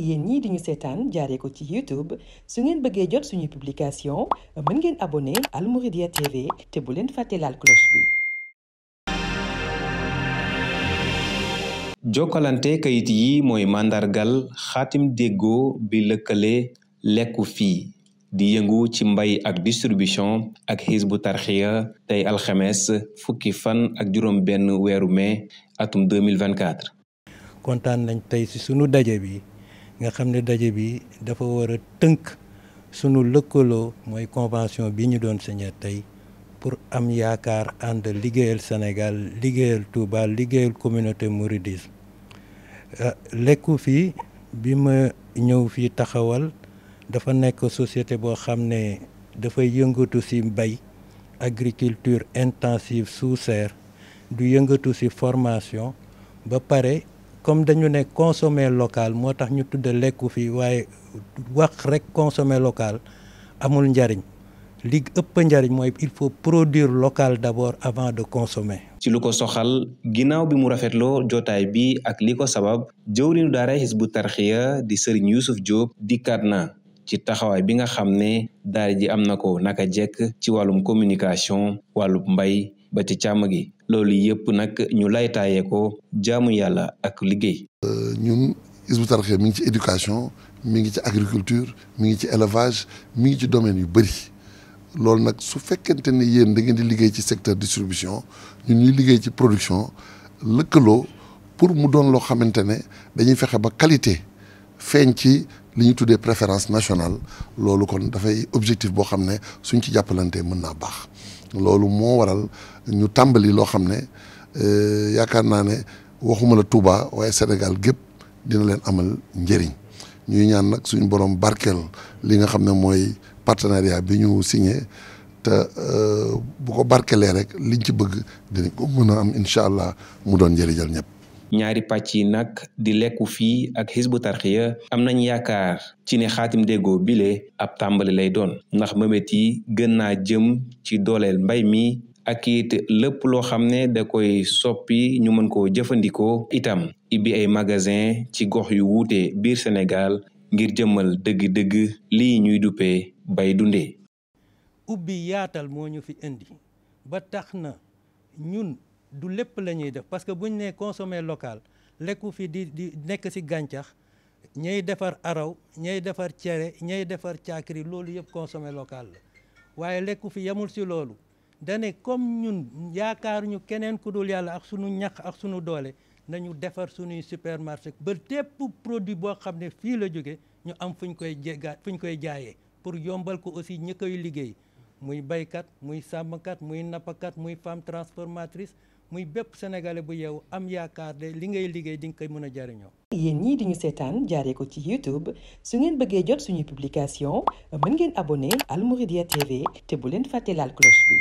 yéen ñii di ñu seetaan jaaree ko ci YouTube bëggee jot suñuy publication mën ngeen abonné Al Mouridiyyah TV te leen fàtte laal cloche Jokkalante kayit yi mooy màndargal xaatim déggoo bi lëkkale lekku fii di yëngu ci mbay ak distribution ak bu Tarqiyyah tey alxemes fukki fan ak juróom benn weeru mai atum 2024. kontaan nañ tey ci sunu daje bi. nga xam ne daje bi dafa war a tënk sunu lëkkaloo mooy convention bi ñu doon signé tey pour am yaakaar ànd liggéeyal Sénégal liggéeyal Touba liggéeyal communauté mouridisme euh, lekku fii bi ma ñëw fii taxawal dafa nekk société boo xam ne dafay yëngatu ci mbay agriculture intensive sous serre du yëngatu ci formation ba pare comme dañu ne consommer local moo tax ñu tudde lekku fii waaye wax rek consommer local amul njariñ li ëpp njariñ mooy il faut produire local d'abord avant de consommer. ci lu ko soxal ginnaaw bi mu rafetloo jotaay bi ak li ko sabab jëwriñu daara Hizbut Tarqiyyah di Serigne Youssouf Diop dikkaat na ci taxawaay bi nga xam ne daara ji am na ko naka jekk ci wàllum communication wàllum mbay ba ci càmm gi loolu yëpp nag ñu laytaayee ko jaamu yàlla ak liggéey. Euh, ñun Hizbut Tarqiyyah mi ngi ci éducation mi ngi ci agriculture mi ngi ci élevage mi ngi ci domaine yu bëri loolu nag su fekkente ni yéen da di liggéey ci secteur distribution ñu ñuy liggéey ci production lëkkaloo pour mu doon loo xamante ne dañuy fexe ba qualité feeñ ci. li ñu tuddee préférence nationale loolu kon dafay objectif boo xam ne suñ ci jàppalantee mën naa baax loolu moo waral ñu tàmbali loo xam ne euh, yaakaar naa ne waxuma la Touba waaye Sénégal gépp dina leen amal njëriñ ñuy ñaan nag suñu borom barkeel li nga xam ne mooy partenariat bi ñu signé te euh, bu ko barkelee rek liñ ci bëgg dinañ ko mën a am incha allah mu doon njëriñal ñëpp. ñaari pàcc yi nag di lekku fii ak xisbu tarxiya am nañ yaakaar ci ne xaatim déggoo bile ab tàmbali lay doon ndax mëmet yi gën naa jëm ci dooleel mbay mi ak it lëpp loo xam ne da koy soppi ñu mën koo jëfandikoo itam ibbi ay magasin ci gox yu wuute biir Sénégal ngir jëmmal dëgg-dëgg lii ñuy duppee bay dundee ubbi yaatal moo ñu fi indi ba tax na ñun du lépp la ñuy def parce que bu ñu nee consommer local lekku fi di di nekk ci gàncax ñay defar araw ñay defar cere ñay defar caakiri loolu yëpp consommer local la waaye lekku fi yemul si loolu dane comme ñun yaakaar ñu keneen ku dul yàlla ak sunu ñax ak sunu doole nañu defar sunuy supermarché ba tépp produit boo xam ne fii la jóge ñu am fu ñu koy jégaat fu ñu koy jaayee pour yombal ko aussi ñu koy liggéey muy baykat muy sàmmkat muy nappkat muy femme transformatrice muy bépp sénégalais bu yeewu am yaakaar de li ngay liggéey di nga koy mën a jariñoo yéen ñii di ñu seetaan jaaree ko ci YouTube su ngeen bëggee jot suñuy publication mën ngeen abonné Al Mouridiyyah TV te bu leen fàtte laal cloche bi